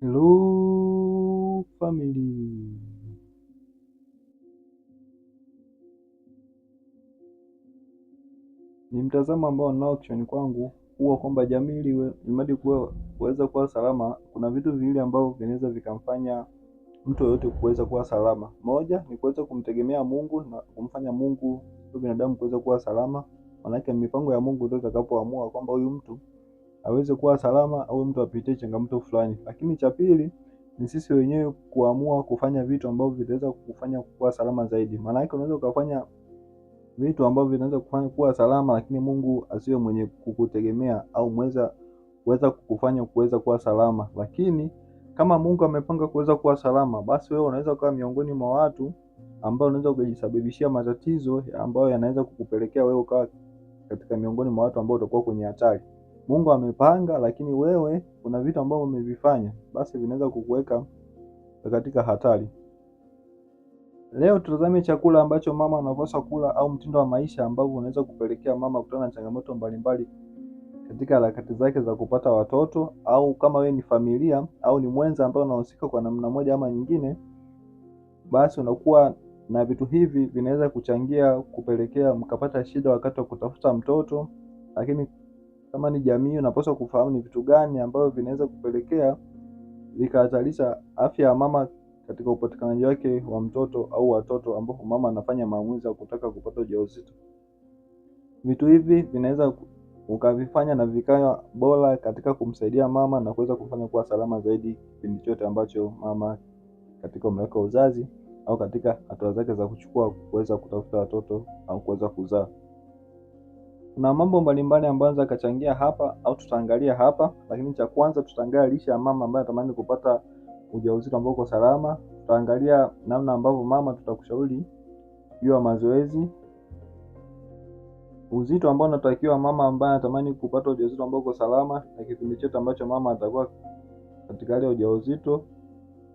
Hello family. Ni mtazamo ambao ninao kichwani kwangu huwa kwamba jamii ili kuwa kuweza kuwa salama, kuna vitu viwili ambavyo vinaweza vikamfanya mtu yoyote kuweza kuwa salama. Moja ni kuweza kumtegemea Mungu na kumfanya Mungu binadamu kuweza kuwa salama, maanake mipango ya Mungu ndio itakapoamua kwamba huyu mtu aweze kuwa salama au mtu apitie changamoto fulani. Lakini cha pili ni sisi wenyewe kuamua kufanya vitu ambavyo vitaweza kufanya kuwa salama zaidi. Maana yake unaweza ukafanya vitu ambavyo vinaweza kufanya kuwa salama, lakini Mungu asiwe mwenye kukutegemea au mweza kuweza kukufanya kuweza kuwa salama. Lakini kama Mungu amepanga kuweza kuwa salama, basi wewe unaweza kuwa miongoni mwa watu ambao unaweza kujisababishia matatizo ambayo yanaweza kukupelekea wewe ukawa katika miongoni mwa watu ambao utakuwa kwenye hatari. Mungu amepanga, lakini wewe kuna vitu ambavyo umevifanya, basi vinaweza kukuweka katika hatari. Leo tutazame chakula ambacho mama anapaswa kula au mtindo wa maisha ambavyo unaweza kupelekea mama kutana na changamoto mbalimbali katika harakati zake za kupata watoto, au kama wewe ni familia au ni mwenza ambaye unahusika kwa namna moja ama nyingine, basi unakuwa na vitu hivi vinaweza kuchangia kupelekea mkapata shida wakati wa kutafuta mtoto, lakini kama ni jamii unapaswa kufahamu ni vitu gani ambavyo vinaweza kupelekea vikahatarisha afya ya mama katika upatikanaji wake wa mtoto au watoto, ambapo mama anafanya maamuzi ya kutaka kupata ujauzito. Vitu hivi vinaweza ukavifanya na vikawa bora katika kumsaidia mama na kuweza kufanya kuwa salama zaidi kipindi chote ambacho mama katika umri wake wa uzazi au katika hatua zake za kuchukua kuweza kutafuta watoto au kuweza kuzaa. Kuna mambo mbalimbali ambayo naweza kachangia hapa au tutaangalia hapa, lakini cha kwanza tutaangalia lishe ya mama ambaye anatamani kupata ujauzito ambao uko salama. Tutaangalia namna ambavyo mama, tutakushauri juu ya mazoezi, uzito ambao unatakiwa mama ambaye anatamani kupata ujauzito ambao uko salama, na kipindi chote ambacho mama atakuwa katika hali ya ujauzito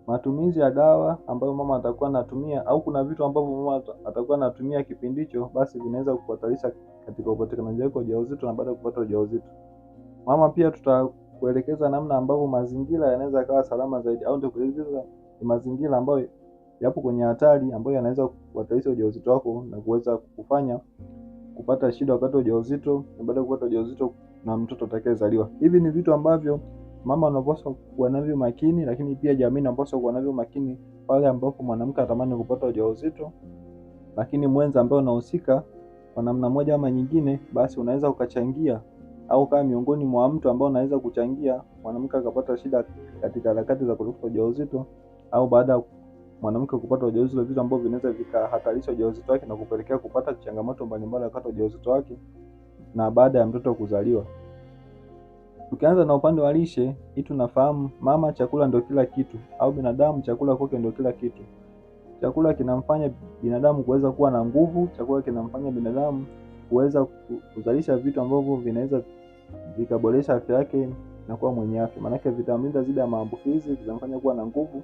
matumizi ya dawa ambayo mama atakuwa anatumia au kuna vitu ambavyo mama atakuwa anatumia kipindi hicho, basi vinaweza kukuhatarisha katika upatikanaji wake wa ujauzito na baada ya kupata ujauzito. Mama pia tutakuelekeza namna ambavyo mazingira yanaweza yakawa salama zaidi, au tutakuelekeza mazingira ambayo yapo kwenye hatari ambayo yanaweza kuhatarisha ujauzito wako na kuweza kukufanya kupata shida wakati wa ujauzito na baada ya kupata ujauzito na mtoto atakayezaliwa. Hivi ni vitu ambavyo mama anapaswa kuwa navyo makini, lakini pia jamii inapaswa kuwa navyo makini pale ambapo mwanamke atamani kupata ujauzito, lakini mwenza ambaye unahusika kwa namna moja ama nyingine, basi unaweza ukachangia au kama miongoni mwa mtu ambao unaweza kuchangia mwanamke akapata shida katika harakati za kutafuta ujauzito au baada ya mwanamke kupata ujauzito, vitu ambavyo vinaweza vikahatarisha ujauzito wake na kupelekea kupata changamoto mbalimbali wakati ujauzito wake na baada ya mtoto kuzaliwa. Tukianza na upande wa lishe hii, tunafahamu mama chakula ndio kila kitu, au binadamu chakula kwake ndio kila kitu. Chakula kinamfanya binadamu kuweza kuwa na nguvu, chakula kinamfanya binadamu kuweza kuzalisha vitu ambavyo vinaweza vikaboresha afya yake na kuwa mwenye afya, maanake vitamlinda dhidi ya maambukizi, vitamfanya kuwa na nguvu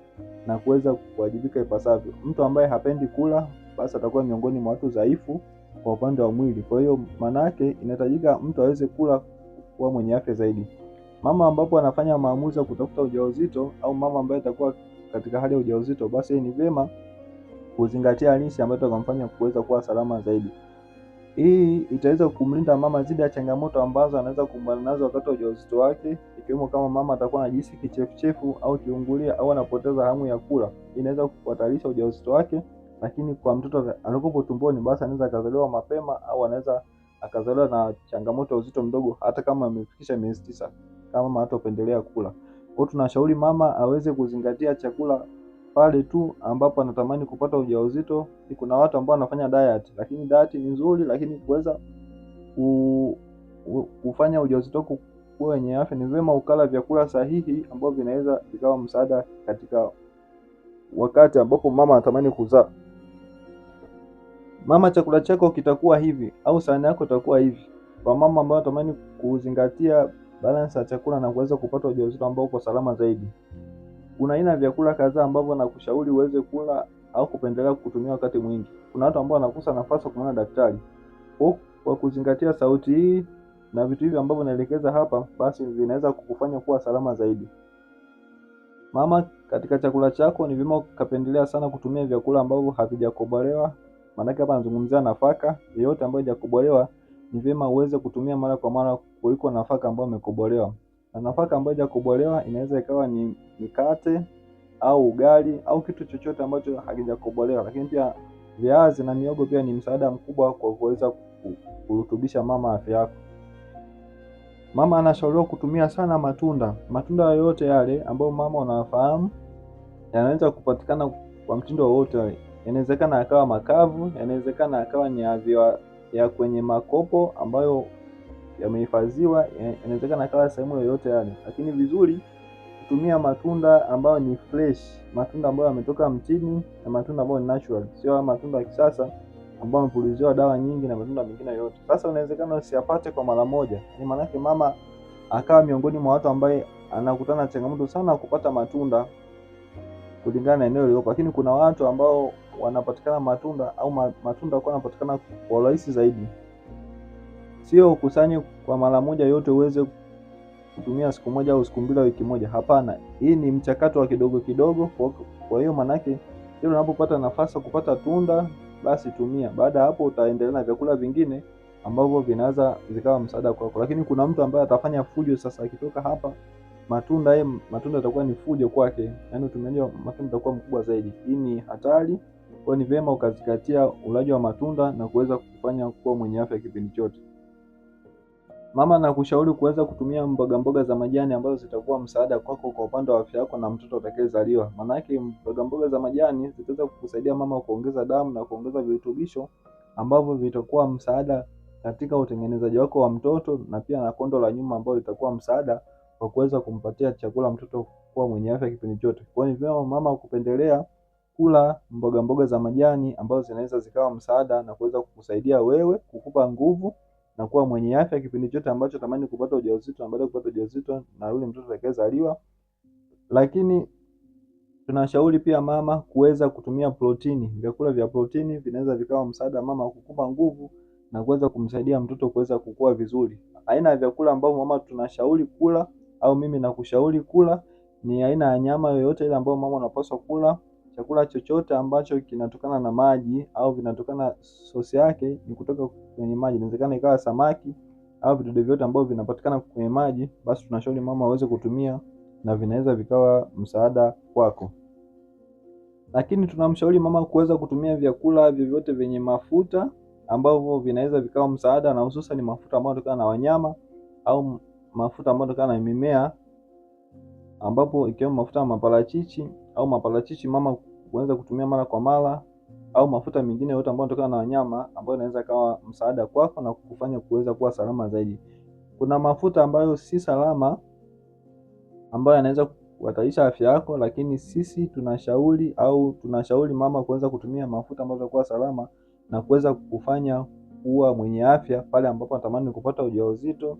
na kuweza kuwajibika ipasavyo. Mtu ambaye hapendi kula, basi atakuwa miongoni mwa watu dhaifu kwa upande wa mwili. Kwa hiyo maana yake inahitajika mtu aweze kula kuwa mwenye afya zaidi. Mama ambapo anafanya maamuzi ya kutafuta ujauzito au mama ambaye atakuwa katika hali ya ujauzito, basi ni vyema kuzingatia lishe ambayo itakamfanya kuweza kuwa salama zaidi. Hii itaweza kumlinda mama dhidi ya changamoto ambazo anaweza kukumbana nazo wakati wa ujauzito wake, ikiwemo kama mama atakuwa anajisi kichefuchefu au kiungulia au anapoteza hamu ya kula, inaweza kuhatarisha ujauzito wake. Lakini kwa mtoto anapokuwa tumboni, basi anaweza akazaliwa mapema au anaweza akazaliwa na changamoto ya uzito mdogo, hata kama amefikisha miezi tisa, kama mama hatapendelea kula. Kwa tunashauri mama aweze kuzingatia chakula pale tu ambapo anatamani kupata ujauzito. Kuna watu ambao wanafanya diet, lakini diet ni nzuri, lakini kuweza kufanya ujauzito wako kuwa wenye afya ni vyema ukala vyakula sahihi ambavyo vinaweza vikawa msaada katika wakati ambapo mama anatamani kuzaa mama, chakula chako kitakuwa hivi au sahani yako itakuwa hivi. Kwa mama ambayo anatamani kuzingatia balance ya chakula na kuweza kupata ujauzito ambao uko salama zaidi, kuna aina ya vyakula kadhaa ambavyo nakushauri uweze kula au kupendelea kutumia wakati mwingi. Kuna watu ambao wanakosa nafasi ya daktari. Kwa kuzingatia sauti hii na vitu hivi ambavyo naelekeza hapa, basi vinaweza kukufanya kuwa salama zaidi. Mama, katika chakula chako ni vyema ukapendelea sana kutumia vyakula ambavyo havijakobolewa Maanake hapa anazungumzia nafaka yoyote ambayo haijakobolewa, ni vyema uweze kutumia mara kwa mara kuliko nafaka ambayo imekobolewa. Na nafaka ambayo haijakobolewa inaweza ikawa ni mikate au ugali au kitu chochote ambacho hakijakobolewa. Lakini pia viazi na miogo pia ni msaada mkubwa kwa kuweza kurutubisha mama afya yako. Mama anashauriwa kutumia sana matunda, matunda yoyote yale ambayo mama unawafahamu yanaweza kupatikana kwa mtindo wowote Yanawezekana akawa makavu, yanawezekana akawa ni ya kwenye makopo ambayo yamehifadhiwa, yanawezekana akawa sehemu yoyote yale, lakini vizuri kutumia matunda ambayo ni fresh, matunda ambayo yametoka mtini na matunda ambayo ni natural, sio matunda ya kisasa ambayo yamepuliziwa dawa nyingi na matunda mengine yote. Sasa unawezekana usiyapate kwa mara moja, ni yaani maanake mama akawa miongoni mwa watu ambaye anakutana changamoto sana kupata matunda kulingana na eneo lilipo, lakini kuna watu ambao wanapatikana matunda au matunda kwa yanapatikana kwa urahisi zaidi. Sio ukusanye kwa mara moja yote uweze kutumia siku moja au siku mbili au wiki moja. Hapana, hii ni mchakato wa kidogo kidogo. Kwa hiyo manake kila unapopata nafasi kupata tunda basi tumia. Baada ya hapo utaendelea na vyakula vingine ambavyo vinaweza vikawa msaada kwako, lakini kuna mtu ambaye atafanya fujo. Sasa akitoka hapa matunda, ye, matunda yatakuwa ni fujo kwake, yaani utumiaji wa matunda utakuwa mkubwa zaidi. Hii ni hatari. Kwa ni vyema ukazingatia ulaji wa matunda na kuweza kufanya kuwa mwenye afya kipindi chote. Mama, nakushauri kuweza kutumia mboga mboga za majani ambazo zitakuwa msaada kwako kwa upande wa afya yako na mtoto atakayezaliwa. Maana yake mboga mboga za majani zitaweza kukusaidia mama kuongeza damu na kuongeza virutubisho ambavyo vitakuwa msaada katika utengenezaji wako wa mtoto na pia na kondo la nyuma ambalo litakuwa msaada kwa kuweza kumpatia chakula mtoto kuwa mwenye afya kipindi chote. Kwa hiyo ni vyema mama kupendelea kula mboga mboga za majani ambazo zinaweza zikawa msaada na kuweza kukusaidia wewe kukupa nguvu na kuwa mwenye afya kipindi chote ambacho tamani kupata ujauzito na baada kupata ujauzito na yule mtoto atakayezaliwa. Lakini tunashauri pia mama kuweza kutumia protini. Vyakula vya protini vinaweza vikawa msaada mama kukupa nguvu na kuweza kumsaidia mtoto kuweza kukua vizuri. Aina ya vyakula ambavyo mama tunashauri kula au mimi nakushauri kula ni aina ya nyama yoyote ile ambayo mama unapaswa kula Chakula chochote ambacho kinatokana na maji au vinatokana sosi yake ni kutoka kwenye maji, inawezekana ikawa samaki au vidude vyote ambavyo vinapatikana kwenye maji, basi tunashauri mama aweze kutumia na vinaweza vikawa msaada kwako. Lakini tunamshauri mama kuweza kutumia vyakula vyovyote vyenye mafuta ambavyo vinaweza vikawa msaada, na hususan ni mafuta ambayo yanatokana na wanyama au mafuta ambayo yanatokana na mimea, ambapo ikiwemo mafuta ya maparachichi au maparachichi mama kuanza kutumia mara kwa mara au mafuta mengine yote ambayo yanatokana na wanyama ambayo inaweza kawa msaada kwako na kukufanya kuweza kuwa salama zaidi. Kuna mafuta ambayo si salama ambayo yanaweza kuhatarisha afya yako, lakini sisi tunashauri au tunashauri mama kuweza kutumia mafuta ambayo yanakuwa salama na kuweza kukufanya kuwa mwenye afya pale ambapo anatamani kupata ujauzito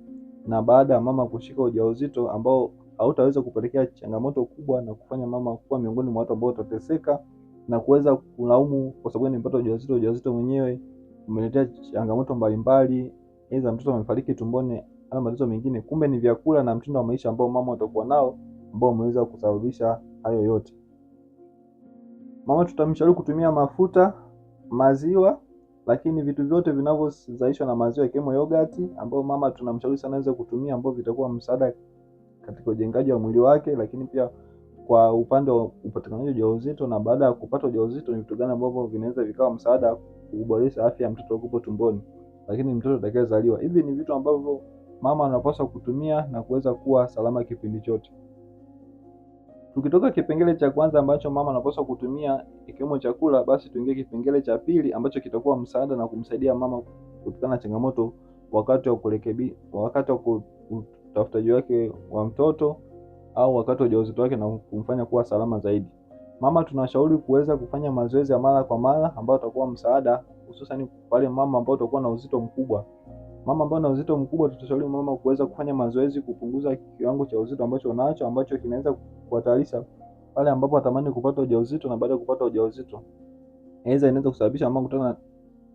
na baada ya mama kushika ujauzito ambao hautaweza kupelekea changamoto kubwa na kufanya mama kuwa miongoni mwa watu ambao watateseka na kuweza kulaumu kwa sababu nimepata ujauzito, ujauzito mwenyewe umeletea changamoto mbalimbali, aidha mtoto amefariki tumboni ama matatizo mengine. Kumbe ni vyakula na mtindo wa maisha ambao mama atakuwa nao ambao umeweza kusababisha hayo yote. Mama tutamshauri kutumia mafuta, maziwa, lakini vitu vyote vinavyozalishwa na maziwa ikiwemo yogati, ambayo mama tunamshauri sana aweze kutumia, ambao vitakuwa msaada katika ujengaji wa mwili wake, lakini pia kwa upande wa upatikanaji wa ujauzito na baada ya kupata ujauzito, ni vitu gani ambavyo vinaweza vikawa msaada kuboresha afya ya mtoto huko tumboni, lakini mtoto atakayezaliwa. Hivi ni vitu ambavyo mama anapaswa kutumia na kuweza kuwa salama kipindi chote. Tukitoka kipengele cha kwanza ambacho mama anapaswa kutumia ikiwemo chakula, basi tuingie kipengele cha pili ambacho kitakuwa msaada na kumsaidia mama kutokana na changamoto wakati wa kurekebi, wakati wa ku, utafutaji wake wa mtoto au wakati wa ujauzito wake na kumfanya kuwa salama zaidi. Mama tunashauri kuweza kufanya mazoezi ya mara kwa mara ambayo utakuwa msaada hususan pale mama ambao utakuwa na uzito mkubwa. Mama ambao na uzito mkubwa tutashauri mama kuweza kufanya mazoezi kupunguza kiwango cha uzito ambacho unacho ambacho kinaweza kuhatarisha pale ambapo atamani kupata ujauzito na baada ya kupata ujauzito. Inaweza inaweza kusababisha mama kutana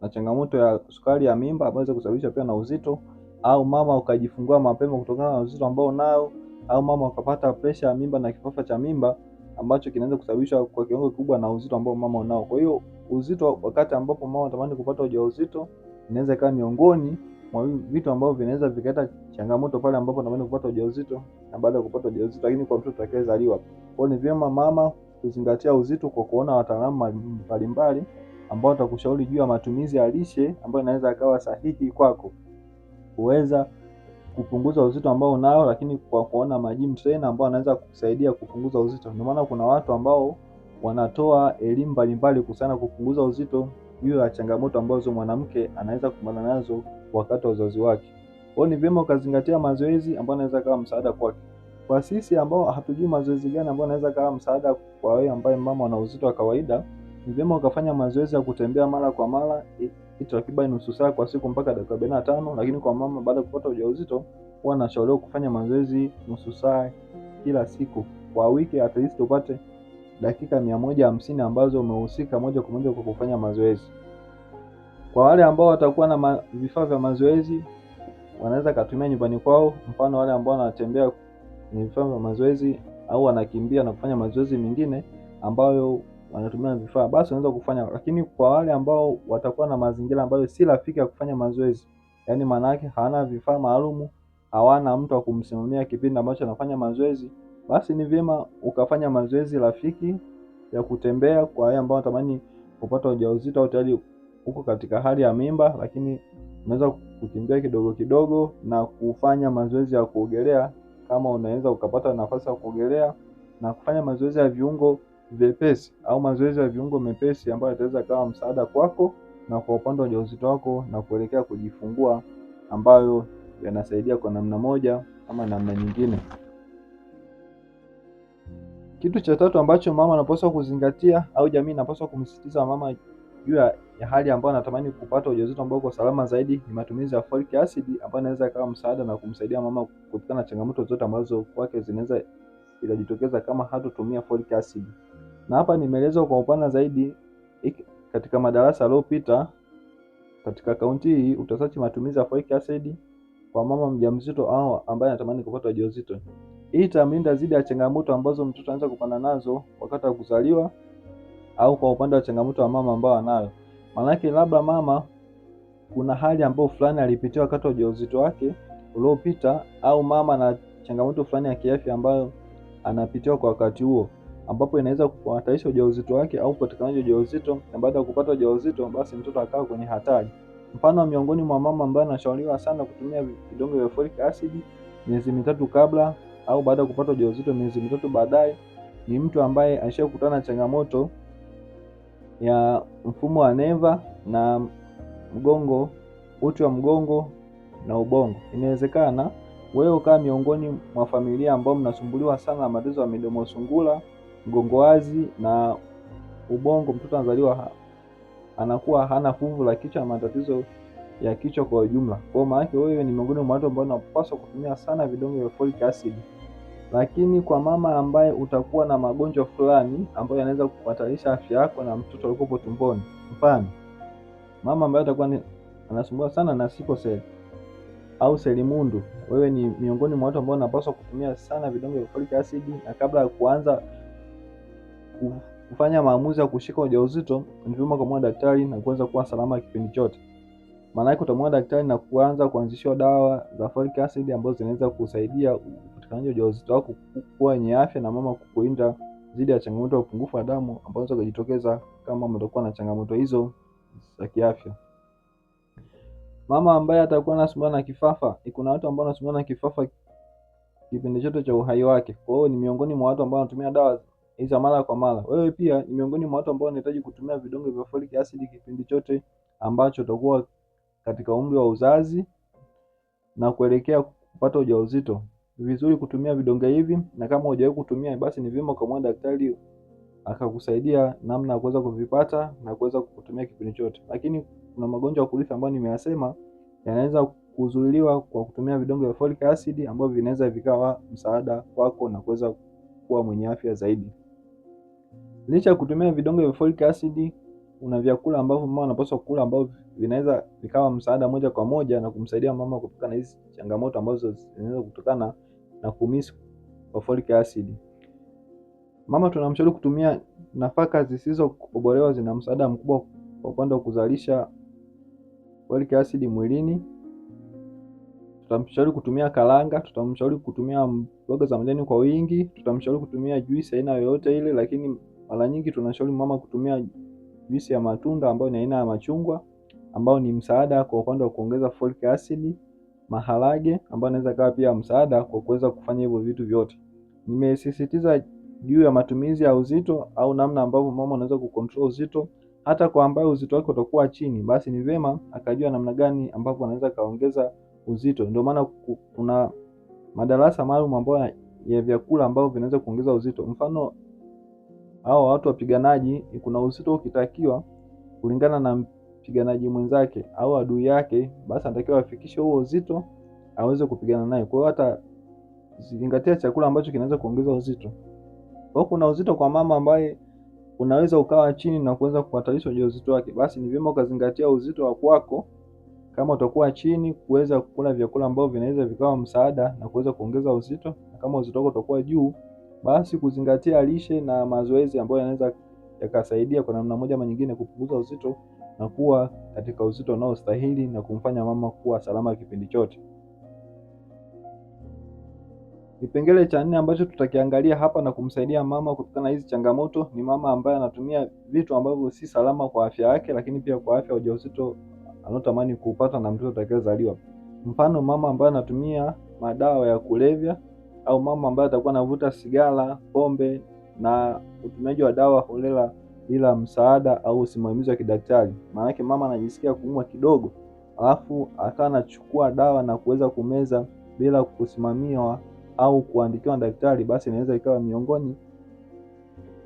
na changamoto ya sukari ya mimba ambayo inaweza kusababisha pia na uzito au mama ukajifungua mapema kutokana na uzito ambao nao, au mama ukapata presha ya mimba na kifafa cha mimba ambacho kinaweza kusababishwa kwa kiwango kikubwa na uzito ambao mama unao. Kwa hiyo uzito, wakati ambapo mama anatamani kupata ujauzito, inaweza ikawa miongoni mwa vitu ambavyo vinaweza vikaleta changamoto pale ambapo anatamani kupata ujauzito na baada ya kupata ujauzito, lakini kwa mtoto atakayezaliwa. Kwa hiyo ni vyema mama kuzingatia uzito kwa kuona wataalamu mbalimbali ambao watakushauri juu ya matumizi ya lishe ambayo inaweza akawa sahihi kwako kuweza kupunguza uzito ambao unao, lakini kwa kuona majimu trainer ambao anaweza kukusaidia kupunguza uzito. Ndio maana kuna watu ambao wanatoa elimu mbalimbali kuhusiana kupunguza uzito juu ya changamoto ambazo mwanamke anaweza kukumbana nazo wakati wa uzazi wake. Kwa ni vyema ukazingatia mazoezi ambayo anaweza kawa msaada kwake. Kwa sisi ambao hatujui mazoezi gani ambayo anaweza kawa msaada kwa wewe ambaye mama ana uzito wa kawaida ni vyema ukafanya mazoezi ya kutembea mara kwa mara takriban nusu saa kwa siku mpaka dakika arobaini na tano. Lakini kwa mama baada ya kupata ujauzito, huwa anashauriwa kufanya mazoezi nusu saa kila siku kwa wiki, at least upate dakika mia moja hamsini ambazo umehusika moja kwa moja kwa kufanya mazoezi. Kwa wale ambao watakuwa na vifaa vya mazoezi wanaweza katumia nyumbani kwao, mfano wale ambao wanatembea kwenye vifaa vya mazoezi au wanakimbia na kufanya mazoezi mengine ambayo wanatumia vifaa, basi unaweza kufanya. Lakini kwa wale ambao watakuwa na mazingira ambayo si rafiki ya kufanya mazoezi, yaani maana yake hawana vifaa maalumu, hawana mtu wa kumsimamia kipindi ambacho anafanya mazoezi, basi ni vyema ukafanya mazoezi rafiki ya kutembea, kwa wale ambao wanatamani kupata ujauzito au tayari uko katika hali ya mimba, lakini unaweza kukimbia kidogo kidogo na kufanya mazoezi ya kuogelea kama unaweza ukapata nafasi ya kuogelea na kufanya mazoezi ya viungo vyepesi au mazoezi ya viungo mepesi ambayo yataweza kawa msaada kwako na kwa upande wa ujauzito wako na kuelekea kujifungua, ambayo yanasaidia kwa namna moja ama namna nyingine. Kitu cha tatu ambacho mama anapaswa kuzingatia au jamii inapaswa kumsisitiza mama juu ya hali ambayo anatamani kupata ujauzito ambao uko salama zaidi ni matumizi ya folic acid, ambayo inaweza ikawa msaada na kumsaidia mama kuepukana na changamoto zote ambazo kwake zinaweza inajitokeza kama hatotumia folic acid na hapa nimeelezwa kwa upana zaidi katika madarasa yaliyopita. Katika akaunti hii utasachi matumizi ya folic acid kwa mama mjamzito au ambaye anatamani kupata ujauzito. Hii itamlinda dhidi ya changamoto ambazo mtoto anaweza kupanda nazo wakati wa kuzaliwa au kwa upande wa changamoto wa mama ambao anayo. Maana yake labda mama kuna hali ambayo fulani alipitia wakati wa ujauzito wake uliopita, au mama na changamoto fulani ya kiafya ambayo anapitia kwa wakati huo ambapo inaweza kuhatarisha ujauzito wake au upatikanaji wa ujauzito, na baada ya kupata ujauzito basi mtoto akawa kwenye hatari. Mfano, miongoni mwa mama ambaye anashauriwa sana kutumia vidonge vya folic acid miezi mitatu kabla au baada ya kupata ujauzito miezi mitatu baadaye ni mtu ambaye ashakutana na changamoto ya mfumo wa neva na mgongo, uti wa mgongo na ubongo. Inawezekana wewe ukawa miongoni mwa familia ambao mnasumbuliwa sana na matatizo ya midomo sungura mgongo wazi na ubongo. Mtoto anazaliwa anakuwa hana fuvu la kichwa na matatizo ya kichwa kwa ujumla. Kwa maana yake wewe ni miongoni mwa watu ambao unapaswa kutumia sana vidonge vya folic acid. Lakini kwa mama ambaye utakuwa na magonjwa fulani ambayo yanaweza kuhatarisha afya yako na mtoto alikopo tumboni, mfano mama ambaye atakuwa anasumbua sana na siko sel au selimundu, wewe ni miongoni mwa watu ambao unapaswa kutumia sana vidonge vya folic acid, na kabla ya kuanza kufanya maamuzi ya kushika ujauzito, ni vyema kumwona daktari na kuanza kuwa salama kipindi chote. Maana yake utamwona daktari na kuanza kuanzishiwa dawa za folic acid ambazo zinaweza kusaidia upatikanaji wa ujauzito wako kuwa yenye afya na mama kukuinda dhidi ya changamoto ya upungufu wa damu ambazo zinajitokeza kama mtakuwa na changamoto hizo za kiafya. Mama ambaye atakuwa anasumbua na kifafa, kuna watu ambao wanasumbua na kifafa kipindi chote cha uhai wake. Kwa hiyo ni miongoni mwa watu ambao wanatumia dawa za mara kwa mara. Wewe pia ni miongoni mwa watu ambao wanahitaji kutumia vidonge vya folic acid kipindi chote ambacho utakuwa katika umri wa uzazi na kuelekea kupata ujauzito. Ni vizuri kutumia vidonge hivi, na kama hujawahi kutumia, basi ni vyema ukamwona daktari akakusaidia namna ya kuweza kuvipata na kuweza kutumia kipindi chote. Lakini kuna magonjwa ya kurithi ambayo nimeyasema yanaweza kuzuiliwa kwa kutumia vidonge vya folic acid ambavyo vinaweza vikawa msaada kwako na kuweza kuwa mwenye afya zaidi. Licha ya kutumia vidonge vya folic acid, una vyakula ambavyo mama anapaswa kula ambavyo vinaweza vikawa msaada moja kwa moja na kumsaidia mama kuepukana na hizi changamoto ambazo zinaweza kutokana na kumiss kwa folic acid. Mama tunamshauri kutumia nafaka zisizokobolewa, zina msaada mkubwa kwa upande wa kuzalisha folic acid mwilini. Tutamshauri kutumia karanga, tutamshauri kutumia mboga za majani kwa wingi, tutamshauri kutumia juisi aina yoyote ile, lakini mara nyingi tunashauri mama kutumia juisi ya matunda ambayo ni aina ya machungwa ambayo ni msaada kwa upande wa kuongeza folic acid, maharage ambayo inaweza kawa pia msaada kwa kuweza kufanya hivyo vitu vyote. Nimesisitiza juu ya matumizi ya uzito au namna ambavyo mama anaweza kucontrol uzito. Hata kwa ambayo uzito wake utakuwa chini, basi ni vyema akajua namna gani ambapo anaweza kaongeza uzito. Ndio maana kuna madarasa maalum ambayo ya vyakula ambavyo vinaweza kuongeza uzito mfano hao watu wapiganaji, kuna uzito ukitakiwa kulingana na mpiganaji mwenzake au adui yake, basi anatakiwa afikishe huo uzito aweze kupigana naye. Kwa hiyo hata zingatia chakula ambacho kinaweza kuongeza uzito. Kwa hiyo kuna uzito kwa mama ambaye unaweza ukawa chini na kuweza kuhatarisha ujauzito wake, basi ni vyema ukazingatia uzito wa kwako kama utakuwa chini, kuweza kukula vyakula ambavyo vinaweza vikawa msaada na kuweza kuongeza uzito, na kama uzito wako utakuwa juu basi kuzingatia lishe na mazoezi ambayo yanaweza yakasaidia kwa namna moja ama nyingine kupunguza uzito na kuwa katika uzito unaostahili na kumfanya mama kuwa salama kipindi chote. Kipengele cha nne ambacho tutakiangalia hapa na kumsaidia mama kutokana na hizi changamoto ni mama ambaye anatumia vitu ambavyo si salama kwa afya yake, lakini pia kwa afya ya ujauzito anaotamani kuupata na mtoto atakayezaliwa. Mfano, mama ambaye anatumia madawa ya kulevya au mama ambaye atakuwa anavuta sigara, pombe na utumiaji wa dawa holela bila msaada au usimamizi wa kidaktari. Maanake mama anajisikia kuumwa kidogo, alafu akawa anachukua dawa na kuweza kumeza bila kusimamiwa au kuandikiwa na daktari, basi inaweza ikawa miongoni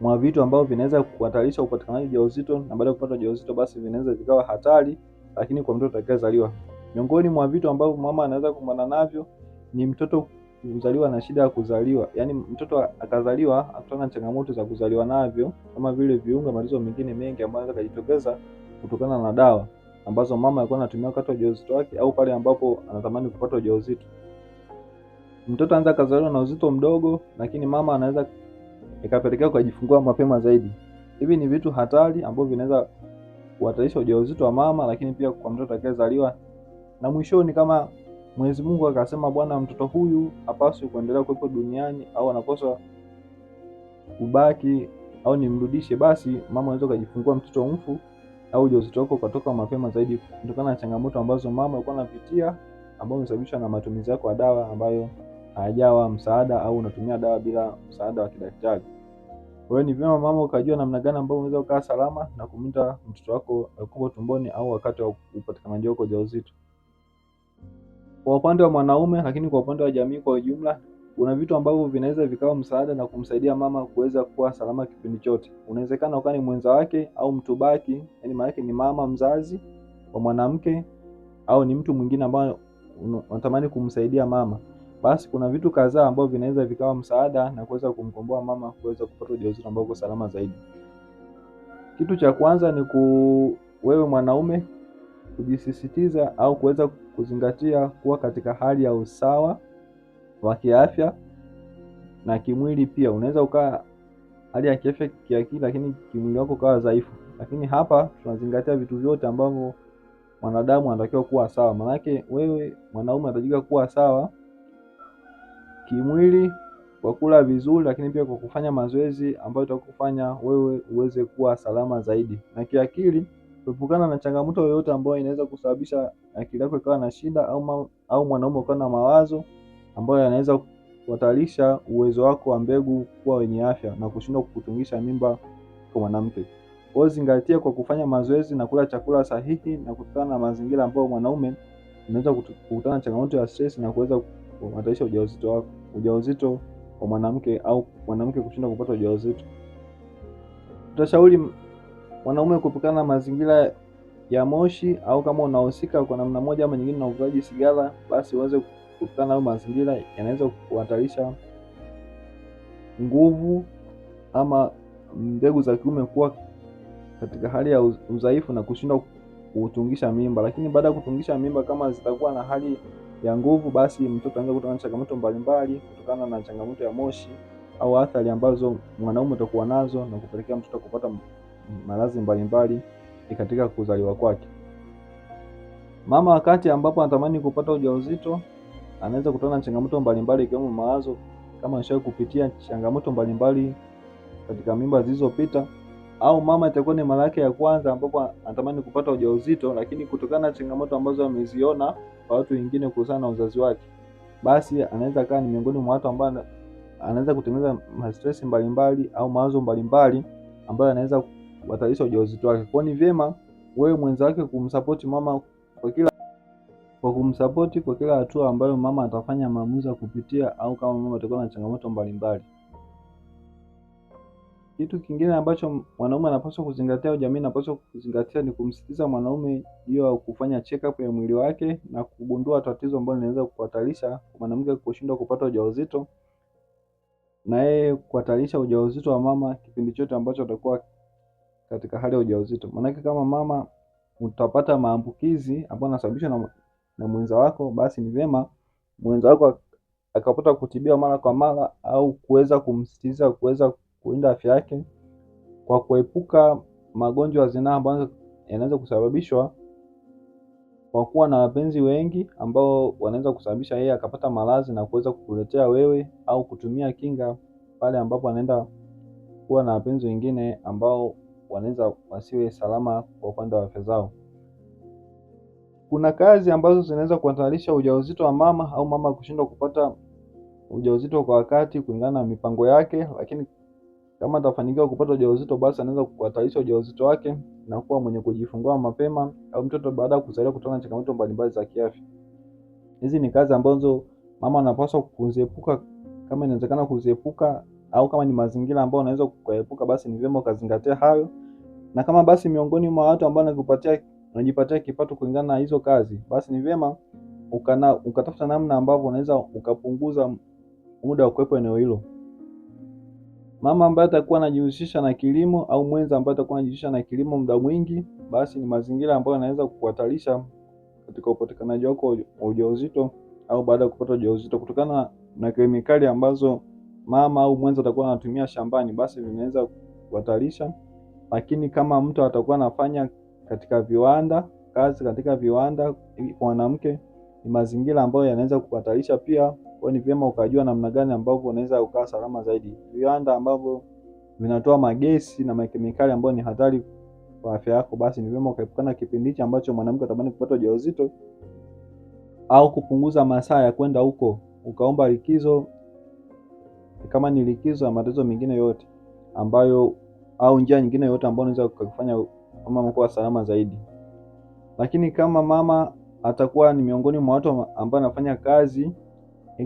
mwa vitu ambavyo vinaweza kuhatarisha upatikanaji ujauzito, na baada ya kupata ujauzito, basi vinaweza vikawa hatari, lakini kwa mtoto atakayezaliwa. Miongoni mwa vitu ambavyo mama anaweza kukumbana navyo ni mtoto kuzaliwa na shida ya kuzaliwa, yaani mtoto akazaliwa akutana na changamoto za kuzaliwa navyo, kama vile viungo, matatizo mengine mengi ambayo anaweza kujitokeza kutokana na dawa ambazo mama alikuwa anatumia wakati wa ujauzito wake au pale ambapo anatamani kupata ujauzito. Mtoto anaweza kuzaliwa na uzito mdogo, lakini mama anaweza ikapelekea kujifungua mapema zaidi. Hivi ni vitu hatari ambavyo vinaweza kuhatarisha ujauzito wa mama, lakini pia kwa mtoto atakayezaliwa. Na mwishoni kama Mwenyezi Mungu akasema, bwana, mtoto huyu hapaswi kuendelea kuwepo duniani au anapaswa kubaki au nimrudishe, basi mama anaweza kujifungua mtoto mfu au ujauzito wako ukatoka mapema zaidi kutokana na changamoto ambazo mama alikuwa anapitia, ambayo imesababishwa na matumizi yako ya dawa ambayo hayajawa msaada au unatumia dawa bila msaada wa kidaktari. Kwa hiyo ni vyema mama ukajua namna gani ambayo unaweza ukaa salama na kumlinda mtoto wako alikuwa tumboni au wakati wa upatikanaji wako ujauzito kwa upande wa mwanaume, lakini kwa upande wa jamii kwa ujumla, kuna vitu ambavyo vinaweza vikawa msaada na kumsaidia mama kuweza kuwa salama kipindi chote. Unawezekana ukawa ni mwenza wake au mtubaki, yani maana yake ni mama mzazi wa mwanamke au ni mtu mwingine ambaye unatamani kumsaidia mama, basi kuna vitu kadhaa ambavyo vinaweza vikawa msaada na kuweza kumkomboa mama kuweza kupata ujauzito ambao uko salama zaidi. Kitu cha kwanza ni ku wewe mwanaume kujisisitiza au kuweza kuzingatia kuwa katika hali ya usawa wa kiafya na kimwili pia. Unaweza ukawa hali ya kiafya kiakili, lakini kimwili wako ukawa dhaifu, lakini hapa tunazingatia vitu vyote ambavyo mwanadamu anatakiwa kuwa sawa. Maanake wewe mwanaume anatakiwa kuwa sawa kimwili kwa kula vizuri, lakini pia kwa kufanya mazoezi ambayo itakufanya wewe uweze kuwa salama zaidi na kiakili Kuepukana na changamoto yoyote ambayo inaweza kusababisha akili yako ikawa na shida au, au mwanaume ukawa na mawazo ambayo yanaweza kuhatarisha uwezo wako wa mbegu kuwa wenye afya na kushindwa kukutungisha mimba kwa mwanamke. Kwa hiyo zingatia kwa kufanya mazoezi na kula chakula sahihi na kutokana na mazingira ambayo mwanaume unaweza kukutana na changamoto ya stress na kuweza kuhatarisha ujauzito wako, ujauzito wa mwanamke au mwanamke kushindwa kupata ujauzito. Tutashauri Mwanaume kuepukana na mazingira ya moshi au kama unahusika kwa namna moja ama nyingine na uvuaji sigara, basi uweze kuepukana nayo mazingira, yanaweza kuhatarisha nguvu ama mbegu za kiume kuwa katika hali ya udhaifu na kushindwa kutungisha mimba. Lakini baada ya kutungisha mimba, kama zitakuwa na hali ya nguvu, basi mtoto anaweza kutana na changamoto mbalimbali, kutokana na changamoto ya moshi au athari ambazo mwanaume atakuwa nazo na kupelekea mtoto kupata malazi mbalimbali mbali katika kuzaliwa kwake. Mama wakati ambapo anatamani kupata ujauzito anaweza kutana na changamoto mbalimbali ikiwemo mawazo, kama nishawahi kupitia changamoto mbalimbali mbali katika mimba zilizopita, au mama itakuwa ni mara yake ya kwanza ambapo anatamani kupata ujauzito, lakini kutokana na changamoto ambazo ameziona kwa watu wengine kuhusiana na uzazi wake, basi anaweza kaa ni miongoni mwa watu ambao anaweza kutengeneza stress mbalimbali au mawazo mbalimbali ambayo anaweza kubatilisha ujauzito wake. Kwa ni vyema wewe mwenza wake kumsapoti mama kwa kila kwa kumsapoti kwa kila hatua ambayo mama atafanya maamuzi ya kupitia, au kama mama atakuwa na changamoto mbalimbali. Kitu kingine ambacho mwanaume anapaswa kuzingatia au jamii inapaswa kuzingatia ni kumsitiza mwanaume hiyo ya kufanya check up ya mwili wake na kugundua tatizo ambalo linaweza kuhatarisha mwanamke kushindwa kupata ujauzito na yeye kuhatarisha ujauzito wa mama kipindi chote ambacho atakuwa katika hali ya ujauzito. Maanake kama mama utapata maambukizi ambayo yanasababishwa na, na mwenza wako, basi ni vyema mwenza wako akapata kutibiwa mara kwa mara au kuweza kumsitiza kuweza kulinda afya yake kwa kuepuka magonjwa ya zinaa ambayo yanaweza kusababishwa kwa kuwa na wapenzi wengi ambao wanaweza kusababisha yeye akapata maradhi na kuweza kukuletea wewe, au kutumia kinga pale ambapo anaenda kuwa na wapenzi wengine ambao wanaweza wasiwe salama kwa upande wa afya zao. Kuna kazi ambazo zinaweza kuhatarisha ujauzito wa mama au mama kushindwa kupata ujauzito kwa wakati kulingana na mipango yake, lakini kama atafanikiwa kupata ujauzito basi anaweza kuhatarisha ujauzito wake na kuwa mwenye kujifungua mapema au mtoto baada ya kuzaliwa kutokana na changamoto mbalimbali za kiafya. Hizi ni kazi ambazo mama anapaswa kuziepuka kama inawezekana kuziepuka, au kama ni mazingira ambayo anaweza kuepuka, basi ni vyema ukazingatia hayo na kama basi miongoni mwa watu ambao nakupatia unajipatia kipato kulingana na hizo kazi, basi ni vyema ukana ukatafuta namna ambavyo unaweza ukapunguza muda wa kuwepo eneo hilo. Mama ambaye atakuwa anajihusisha na kilimo au mwenza ambaye atakuwa anajihusisha na kilimo muda mwingi, basi ni mazingira ambayo yanaweza kukuhatarisha katika upatikanaji wako wa ujauzito au baada ya kupata ujauzito, kutokana na kemikali ambazo mama au mwenza atakuwa anatumia shambani, basi vinaweza kuhatarisha lakini kama mtu atakuwa anafanya katika viwanda, kazi katika viwanda, mwanamke ni mazingira ambayo yanaweza kukuhatarisha pia. Kwa ni vyema ukajua namna gani ambavyo unaweza ukaa salama zaidi. Viwanda ambavyo vinatoa magesi na makemikali ambayo ni hatari kwa afya yako, basi ni vyema ukaepukana kipindi hichi ambacho mwanamke atamani kupata ujauzito au kupunguza masaa ya kwenda huko, ukaomba likizo kama ni likizo ya matatizo mengine yote ambayo au njia nyingine yoyote ambayo unaweza kufanya mama kuwa salama zaidi. Lakini kama mama atakuwa ni miongoni mwa watu ambao anafanya kazi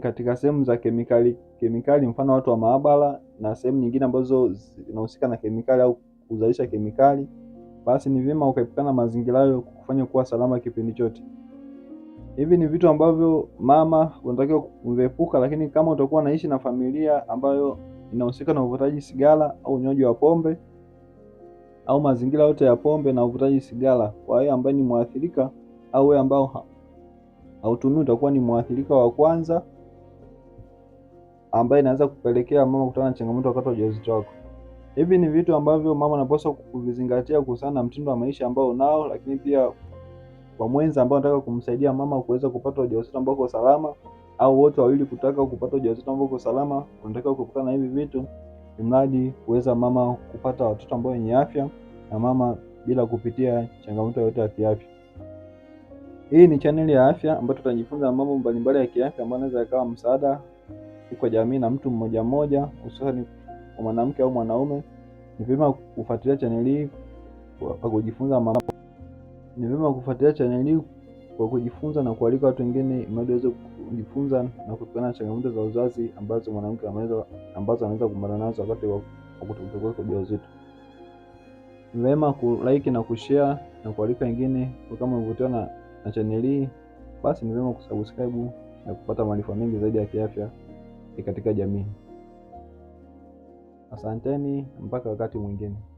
katika sehemu za kemikali kemikali, mfano watu wa maabara na sehemu nyingine ambazo zinahusika na kemikali au kuzalisha kemikali, basi ni vyema ukaepukana mazingira hayo kufanya kuwa salama kipindi chote. Hivi ni vitu ambavyo mama unatakiwa kuepuka, lakini kama utakuwa naishi na familia ambayo inahusika na uvutaji sigara au unywaji wa pombe au mazingira yote ya pombe na uvutaji sigara. Kwa hiyo ambaye ni mwathirika au wewe ambao hautumii utakuwa ni mwathirika wa kwanza, ambaye inaweza kupelekea mama kukutana na changamoto wakati wa ujauzito wako. Hivi ni vitu ambavyo mama anapaswa kuvizingatia kuhusiana na mtindo wa maisha ambao unao, lakini pia kwa mwenza ambao anataka kumsaidia mama kuweza kupata ujauzito ambao uko salama au wote wawili kutaka kupata ujauzito ambao uko salama, unatakiwa kuepukana na hivi vitu, imradi kuweza mama kupata watoto ambao wenye afya na mama bila kupitia changamoto yoyote ya kiafya. Hii ni chaneli ya afya ambayo tutajifunza mambo mbalimbali ya kiafya ambayo anaweza yakawa msaada kwa jamii na mtu mmoja mmoja, hususan kwa mwanamke au mwanaume. Ni vyema kufuatilia chaneli hii kwa kujifunza mambo. Ni vyema kufuatilia chaneli hii kwa kujifunza na kualika watu wengine ili waweze kujifunza na kutokana na changamoto za uzazi ambazo mwanamke ambazo anaweza kumbana nazo wakati wa kwa ujauzito. Ni vyema kulike na kushare na kualika wengine. Kama umevutiwa na, na chaneli hii, basi ni vyema kusubscribe na kupata maarifa mengi zaidi ya kiafya katika jamii. Asanteni mpaka wakati mwingine.